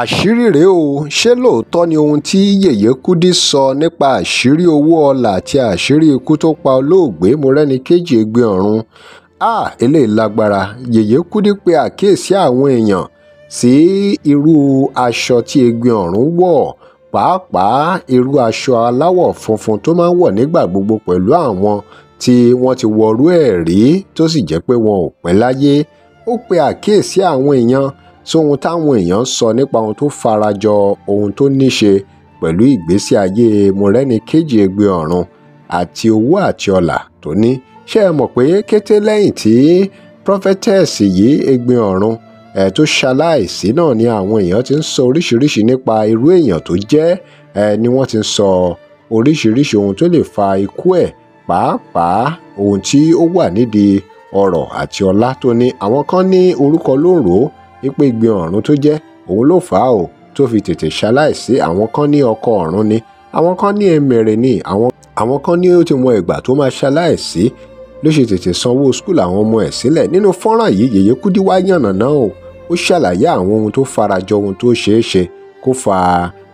àṣírí rèé o ṣé lóòótọ́ ni ohun tí yèyé kúdí sọ nípa àṣírí owó ọlà àti àṣírí ikú tó pa olóògbé mọ́rẹ́nikejì ẹgbẹ̀rún a eléyìí lágbára yèyé kúdí pe àkíyèsí àwọn èèyàn sí irú aṣọ tí ẹgbẹ̀rún wọ̀ pàápàá irú aṣọ aláwọ̀ funfun tó máa ń wọ̀ nígbà gbogbo pẹ̀lú àwọn tí wọ́n ti wọrú ẹ̀ rí tó sì jẹ́ pé wọn ò pẹ́ láyé ó pe àkíyèsí àwọn èèyàn sóhun táwọn èèyàn sọ nípa ohun tó farajọ ohun tó níṣe pẹ̀lú ìgbésí ayé Mọ́rẹ́níkejì Ẹgbẹ́ Ọ̀run àti owó àti ọlà tó ní ṣé ẹ mọ̀ pé kété lẹ́yìn tí prophetess yìí Ẹgbẹ́ Ọ̀run ẹ̀ tó ṣaláìsí náà ni àwọn èèyàn ti ń sọ oríṣiríṣi nípa irú èèyàn tó jẹ́ ẹ̀ ni wọ́n ti ń sọ oríṣiríṣi ohun tó lè fa ikú ẹ̀ pàápàá ohun tí ó wà nídìí ọrọ̀ àti ọlá tó ní àwọn kan ní orúkọ lóòrò ipò igbe ọ̀run tó jẹ́ òun ló fà á o tó fi tètè ṣaláìsí àwọn kan ní ọkọ ọ̀run ni àwọn kan ní ẹ̀mẹ̀rẹ̀ ni àwọn kan ní ó ti mọ ìgbà tó máa ṣaláìsí ló ṣe tètè sanwó skul àwọn ọmọ ẹ̀ sílẹ̀ nínú fọ́nrán yìí yèyé kúdí wá yànnàná o ó ṣàlàyé àwọn ohun tó farajọ ohun tó ṣeé ṣe kó fa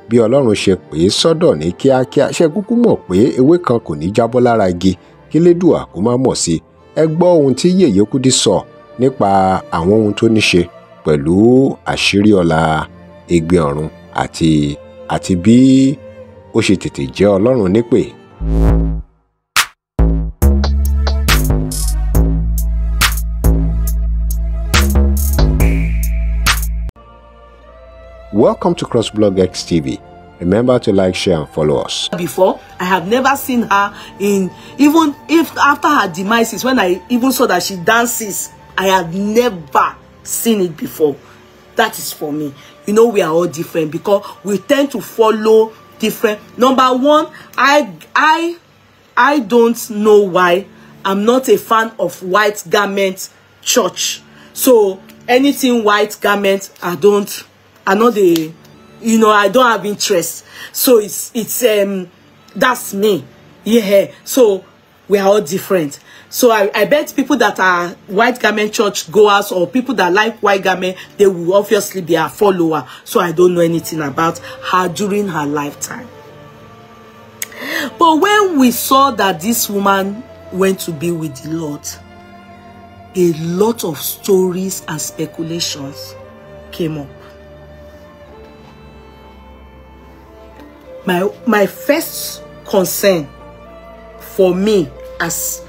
bí ọlọ́run ṣe pè é sọ́dọ̀ ní kíákíá ṣe kúkú mọ̀ pé ewé kan kò ní jábọ́ lára igi kí lédùà kó má mọ̀ sí ẹ gbọ́ ohun tí yèyé kúdí sọ nípa àwọn ohun tó ní ṣe pẹ̀lú àṣírí ọlá ègbé ọ̀run àti àti bí ó ṣe tètè jẹ́ Ọlọ́run nípè. Welcome to CrossBlog X TV. Remember to like, share, and follow us. Before, I have never seen her in, even if after her demise, when I even saw that she dances, I have never seen it before. That is for me. You know, we are all different because we tend to follow different. Number one, I I I don't know why I'm not a fan of white garment church. So anything white garment, I don't I know the you know, I don't have interest. So it's it's um that's me. Yeah. So we are all different. So I, I bet people that are white garment church goers or people that like white garment, they will obviously be a follower. So I don't know anything about her during her lifetime. But when we saw that this woman went to be with the Lord, a lot of stories and speculations came up. My, my first concern for me as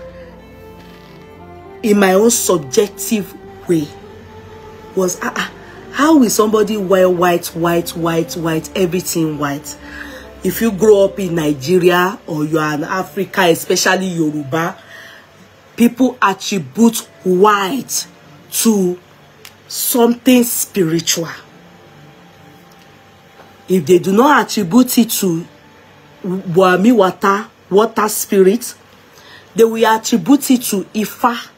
in my own subjective way was ah, ah how will somebody wear white, white, white, white, everything white? If you grow up in Nigeria or you are in Africa, especially Yoruba, people attribute white to something spiritual. If they do not attribute it to Wami Wata, water spirit, they will attribute it to Ifa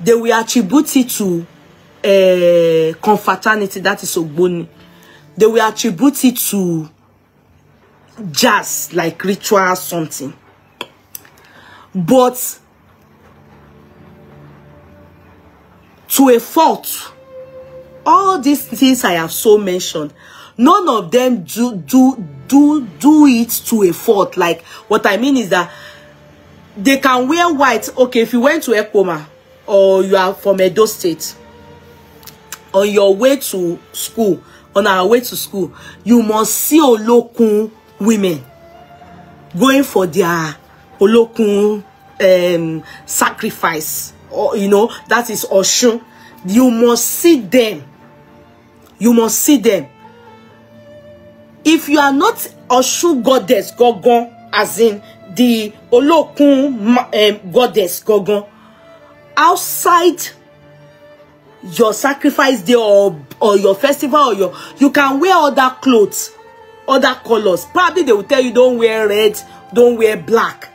they will attribute it to uh, confraternity, that is Ogboni. They will attribute it to jazz, like ritual something. But to a fault, all these things I have so mentioned, none of them do do do do it to a fault. Like what I mean is that they can wear white. Okay, if you went to Ekoma, or you are from Edo State, on your way to school, on our way to school, you must see Olokun women going for their Olokun um, sacrifice. Or, you know, that is Oshun. You must see them. You must see them. If you are not Oshun goddess, Gogon, as in the Olokun um, goddess, Gogon, outside your sacrifice day or or your festival or your you can wear other clothes other colors probably they will tell you don't wear red don't wear black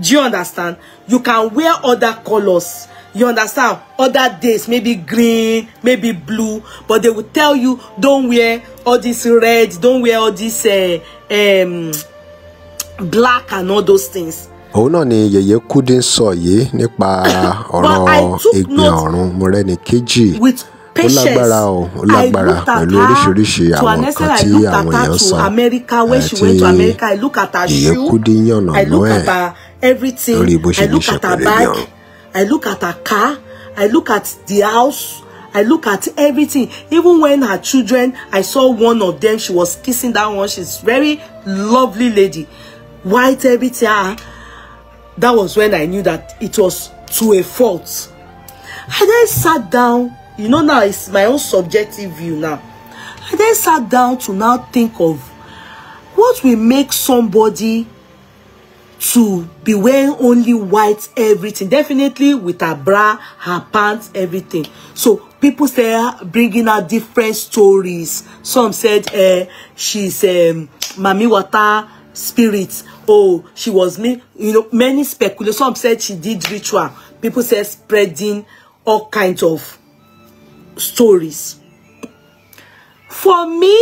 do you understand you can wear other colors you understand other days maybe green maybe blue but they will tell you don't wear all this red don't wear all this uh, um black and all those things òun náà ni yèyé kúdí ń sọ yìí nípa ọ̀rọ̀ ìgbìn ọ̀run Mọ́rẹ́nikejì ó lágbára o ó lágbára pẹ̀lú oríṣiríṣi àwọn nǹkan tí àwọn èèyàn sọ àti yèyé kúdí yànnà ló ẹ̀ lórí bó ṣe ní ṣe pẹ̀lú I look at her car, I look at the house, I look at everything. Even when her children, I saw one of them, she was kissing that one. She's very lovely lady. White everything that was when I knew that it was to a fault. I then sat down, you know, now it's my own subjective view now. I then sat down to now think of what will make somebody to be wearing only white everything definitely with her bra her pants everything so people say ah, bringing out different stories some said uh, she's um, mami water spirit oh, she was me. You know, many speculation. Some said she did ritual. People said spreading all kinds of stories. For me,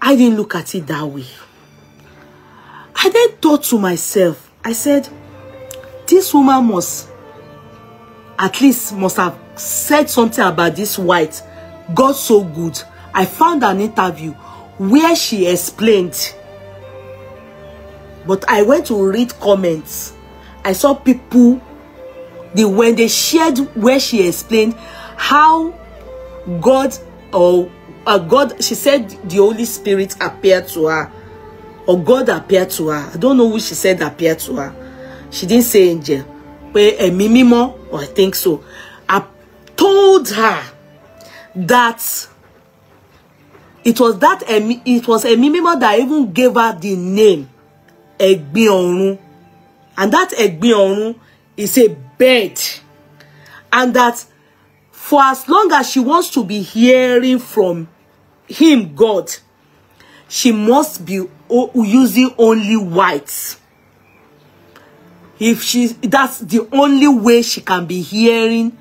I didn't look at it that way. I then thought to myself, I said, this woman must, at least must have said something about this white. God so good. I found an interview where she explained But I went to read comments. I saw people, they, when they shared where she explained how God or uh, God, she said the Holy Spirit appeared to her or God appeared to her. I don't know who she said appeared to her. She didn't say angel. But a mimimo, or I think so, I told her that it was that it was a mimimo that even gave her the name ẹ̀gbin ọ̀run and that ẹ̀gbin ọ̀run is a bed and that for as long as she wants to be hearing from him God she must be using only white if she that's the only way she can be hearing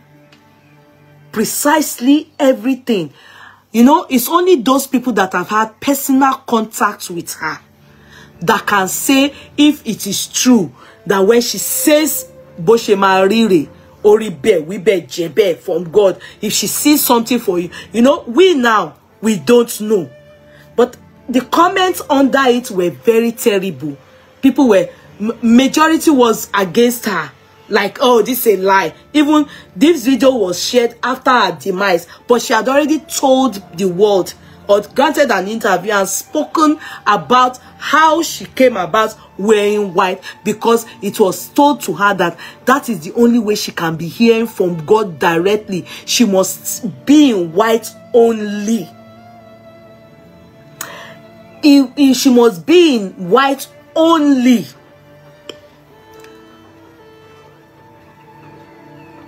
precisely everything you know it's only those people that have had personal contact with her that can say if it is true that when she says Boshe ṣe Oribe rírè orí from God if she sees something for you you know we now we don't know but the comments under it were very terrible people were majority was against her like oh this is a lie even this video was shared after her demise but she had already told the world granted an interview and spoken about how she came about wearing white because it was told to her that that is the only way she can be hearing from God directly. She must be in white only. If, if she must be in white only.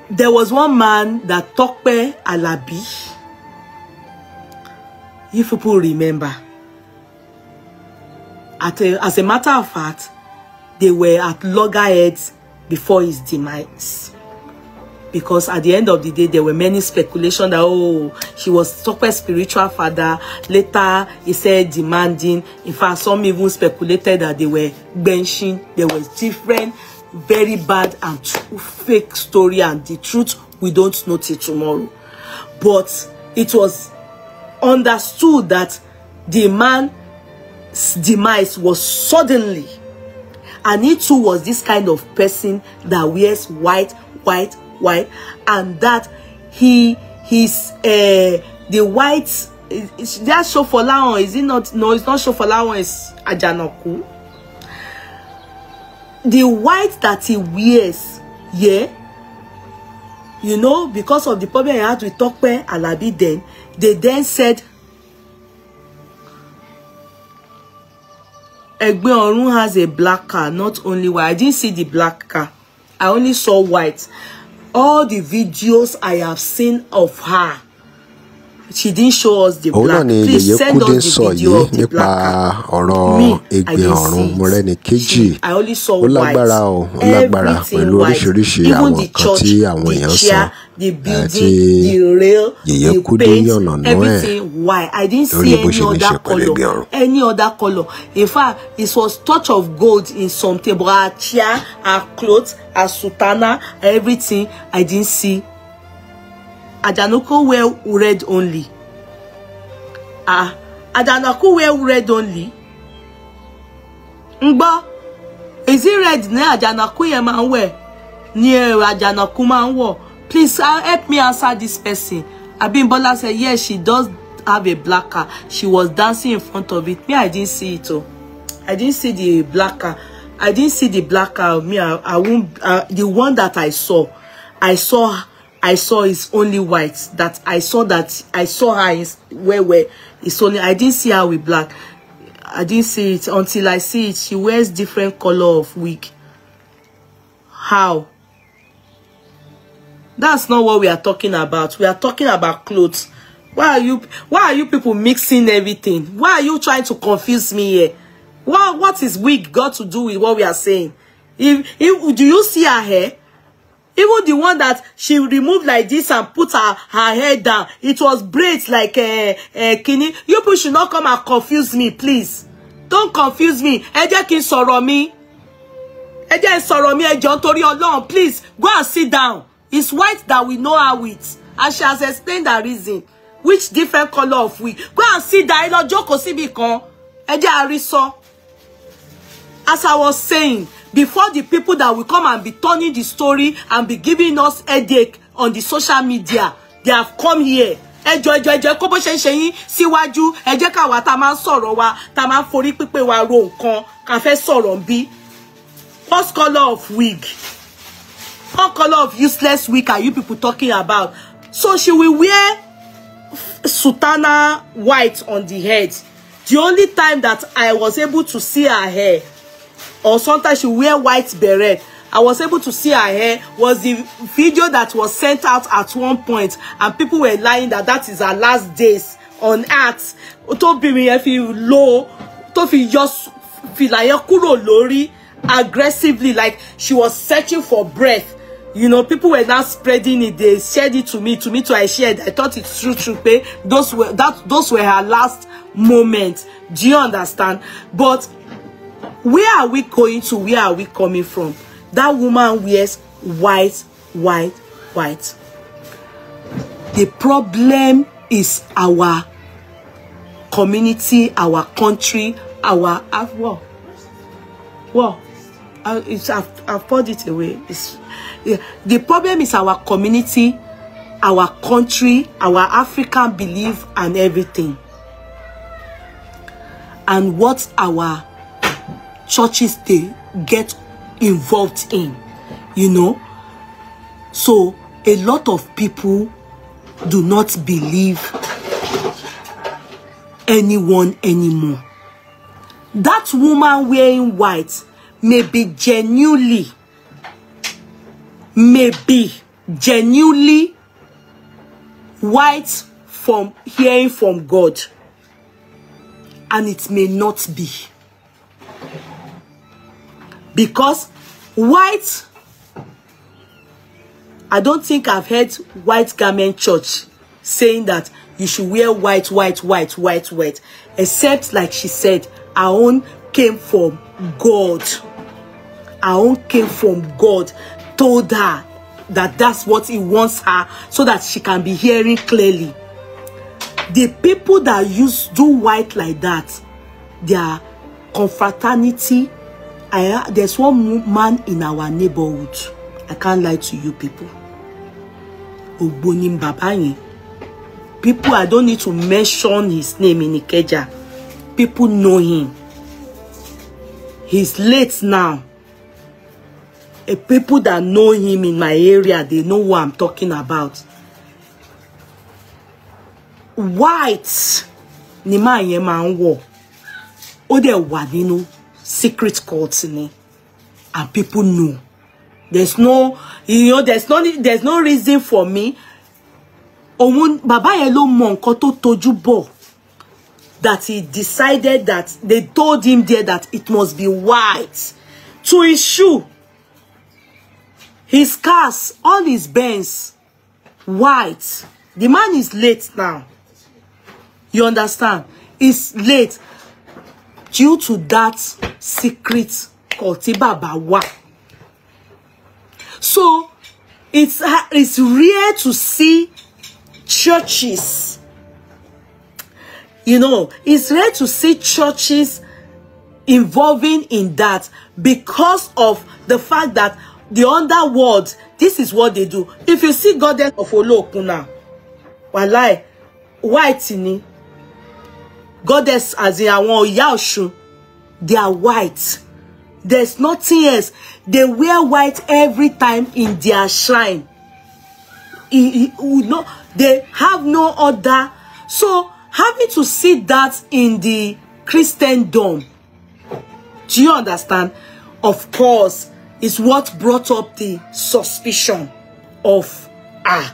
There was one man that talked Tokpe Alabi you people remember. A, as a matter of fact, they were at loggerheads before his demise. Because at the end of the day, there were many speculation that, oh, he was super spiritual father. Later, he said demanding. In fact, some even speculated that they were benching. There was different, very bad and fake story. And the truth, we don't know till tomorrow. But it was understood that the man's demise was suddenly. And he too was this kind of person that wears white, white, white, and that he his uh, the white is that Shofolahan is it not no it's not show for Shofolahan it's Ajanaku the white that he wears yeah you know, because of the problem I had with Tokpe Alabi then, they then said, Egbe Orun has a black car, not only white. I didn't see the black car. I only saw white. All the videos I have seen of her, she didn't show us the black please send us the video of the black ọ̀rọ̀ ẹgbẹ́ ọ̀run mọ̀rẹ́ni kejì ó lágbára o ó lágbára pẹ̀lú oríṣiríṣi àwọn nǹkan tí àwọn èèyàn sọ àti yèyé kúdé yànnà náà ẹ̀ lórí bó ṣe ní ṣe pẹ̀lú ẹgbẹ́ any other color. in fact it was touch of gold in something but her chair her cloth her sutana everything i didn't see Ajanoko wear red only. Ah, Ajanoko wear red only. Ngbo, is it red ne Ajanoko ye man wear? Ni e Ajanoko man wear. Please uh, help me answer this person. Abimbola said, yes, she does have a black car. She was dancing in front of it. Me, I didn't see it. Oh. I didn't see the black car. I didn't see the black car. Me, I, I won't. Uh, the one that I saw, I saw I saw is only white. That I saw that I saw her is where where it's only I didn't see her with black. I didn't see it until I see it. She wears different color of wig. How? That's not what we are talking about. We are talking about clothes. Why are you why are you people mixing everything? Why are you trying to confuse me here? What what is wig got to do with what we are saying? If, if do you see her hair? Even the one that she removed like this and put her, her head down, it was braids like a eh, a uh, eh, kini. You people should not come and confuse me, please. Don't confuse me. Ẹ jẹ́ kí n sọ̀rọ̀ mi. Ẹ jẹ́ mi ẹ jọ̀ọ́ nítorí please go and sit down. It's white that we know her with. And she has explained her reason. Which different color of wig? Go and sit down. Ẹ lọ jókòó síbì kan. Ẹ jẹ́ As I was saying, before the people that will come and be turning the story and be giving us headache on the social media they have come here ẹjọ ẹjọ ẹjọ kó bó ṣe ń ṣe yín síwájú ẹ jẹ́ káwa tá a wa tá a máa ń wa ro nǹkan ká fẹ́ sọ̀rọ̀ ń bí what colour of wig what color of useless wig are you people talking about so she will wear sultana white on the head the only time that I was able to see her hair or sometimes she wear white beret. I was able to see her hair was the video that was sent out at one point and people were lying that that is her last days on earth. Tó bí mi yẹn fi lo tó fi yọ fìlà yẹn kúrò lórí aggressively like she was searching for breath. You know, people were now spreading it. They shared it to me. To me, to I shared. I thought it's true, true. Pay. Those were that. Those were her last moments. Do you understand? But Where are we going to? Where are we coming from? That woman wears white, white, white. The problem is our community, our country, our ah, uh, what? What? I, it's, I've, I've poured it away. It's, yeah. The problem is our community, our country, our African belief and everything. And what our churches dey get involved in you know so a lot of people do not believe anyone anymore that woman wearing white may be genuinely may be genuinely white from hearing from God and it may not be Because white, I don't think I've heard white garment church saying that you should wear white, white, white, white, white. Except like she said, our own came from God. Our own came from God. Told her that that's what he wants her so that she can be hearing clearly. The people that use do white like that, their confraternity I, uh, there's one man in our neighborhood. I can't lie to you people. Ogbonim bàbá People, I don't need to mention his name in Ikeja. People know him. He's late now. A people that know him in my area, they know what I'm talking about. White nima máa yẹn máa ń secret cult ni and people know there's no you know there's no there's no reason for me òun bàbá yẹn ló mọ nǹkan tó tojú that he decided that they told him there that it must be white to his shoe his cars all his Benz white the man is late now you understand he's late due to that secret cult tí so it's uh, it's rare to see churches you know it's rare to see churches involving in that because of the fact that the underworld this is what they do if you see goddess of Olókun now wàláì white ni goddess as in àwọn Ọya Ọ̀ṣun they are white there's nothing else they wear white every time in their shrine e, e, no, they have no other so having to see that in the Christian dome. do you understand of course is what brought up the suspicion of ah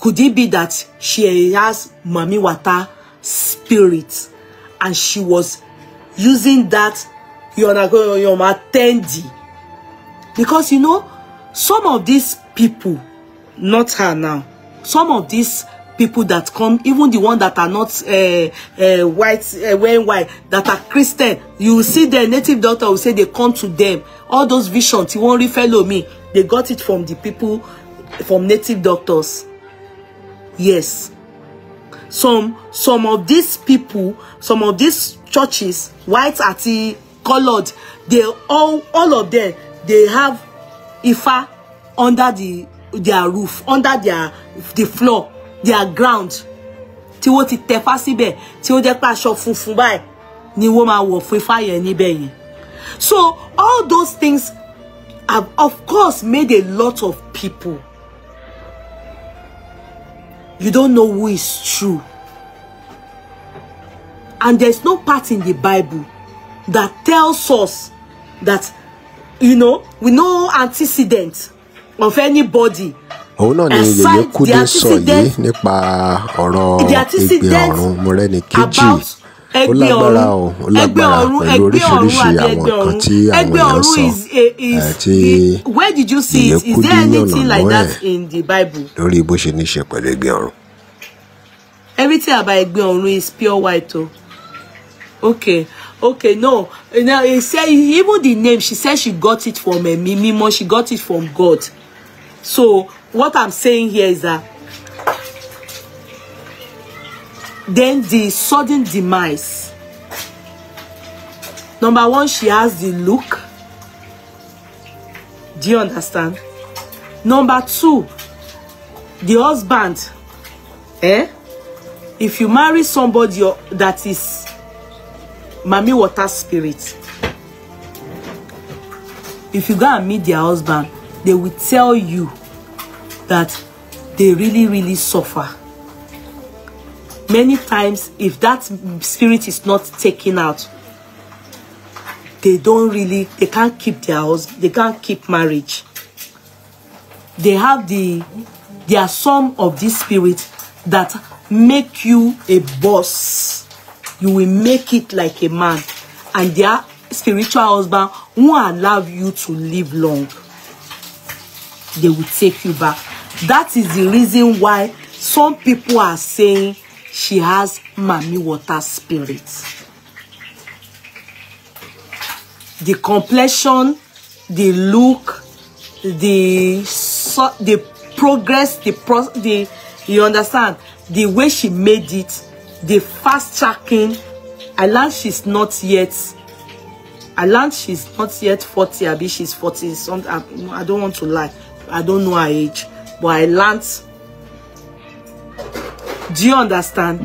could it be that she has mami water? spirit and she was using that yonagoyoma tendi because you know some of these people not her now some of these people that come even the one that are not uh, uh, white uh, wearing white that are christian you see their native doctor will say they come to them all those visions you won't follow me they got it from the people from native doctors yes some some of these people some of these churches white ati, coloured they all all of them they have Ifa under the their roof under their the floor their ground tí wọ́n ti tẹ̀fá síbẹ̀ tí ó jẹ́ pé aṣọ funfun báyìí ni wọ́n máa wọ̀ fún Ifá yẹn níbẹ̀ yẹn so all those things have of course made a lot of people you don't know who is true. And there's no part in the Bible that tells us that, you know, we know antecedent of anybody. òun náà ni yèyé kúdé sọ yìí nípa ọ̀rọ̀ ìgbé ọ̀run mọ̀rẹ́ni kejì ẹgbẹ́ ọ̀run ẹgbẹ́ ọ̀run ẹgbẹ́ ọ̀run eh, àti ẹgbẹ́ ọ̀run ẹgbẹ́ ọ̀run is is where did you see it is there anything like that in the bible. lórí bó ṣe ní í ṣe pẹ̀lú ẹgbẹ́ ọ̀run. everything about ẹgbẹ́ ọ̀run is pure white o oh. okay okay no now he say even the name she said she got it from Ẹ̀mí Mímọ́ she got it from God so what i'm saying here is that Then the sudden demise. Number one, she has the look. Do you understand? Number two, the husband. Eh? If you marry somebody that is mommy water spirit, if you go and meet their husband, they will tell you that they really, really suffer many times if that spirit is not taken out they don't really they can't keep their house they can't keep marriage they have the there are some of this spirit that make you a boss you will make it like a man and their spiritual husband won't allow you to live long they will take you back that is the reason why some people are saying she has mommy water spirit. The complexion, the look, the so, the progress, the pro, the you understand the way she made it, the fast tracking. I learned she's not yet. I learned she's not yet forty. I mean she's forty. something. I, I don't want to lie. I don't know her age, but I learned do you understand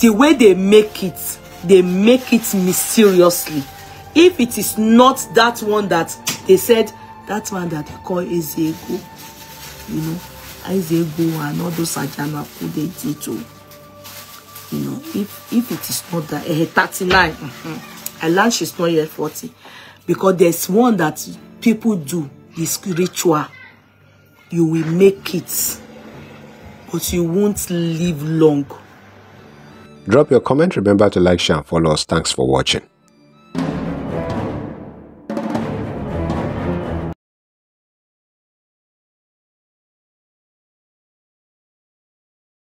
the way they make it they make it mysteriously if it is not that one that they said that one that they call Ezego you know Ezego and all those who they did too you know if if it is not that uh, eh, 39 mm-hmm. I learned she's not yet 40 because there's one that people do this ritual you will make it but you won't live long. Drop your comment. Remember to like, share, and follow us. Thanks for watching.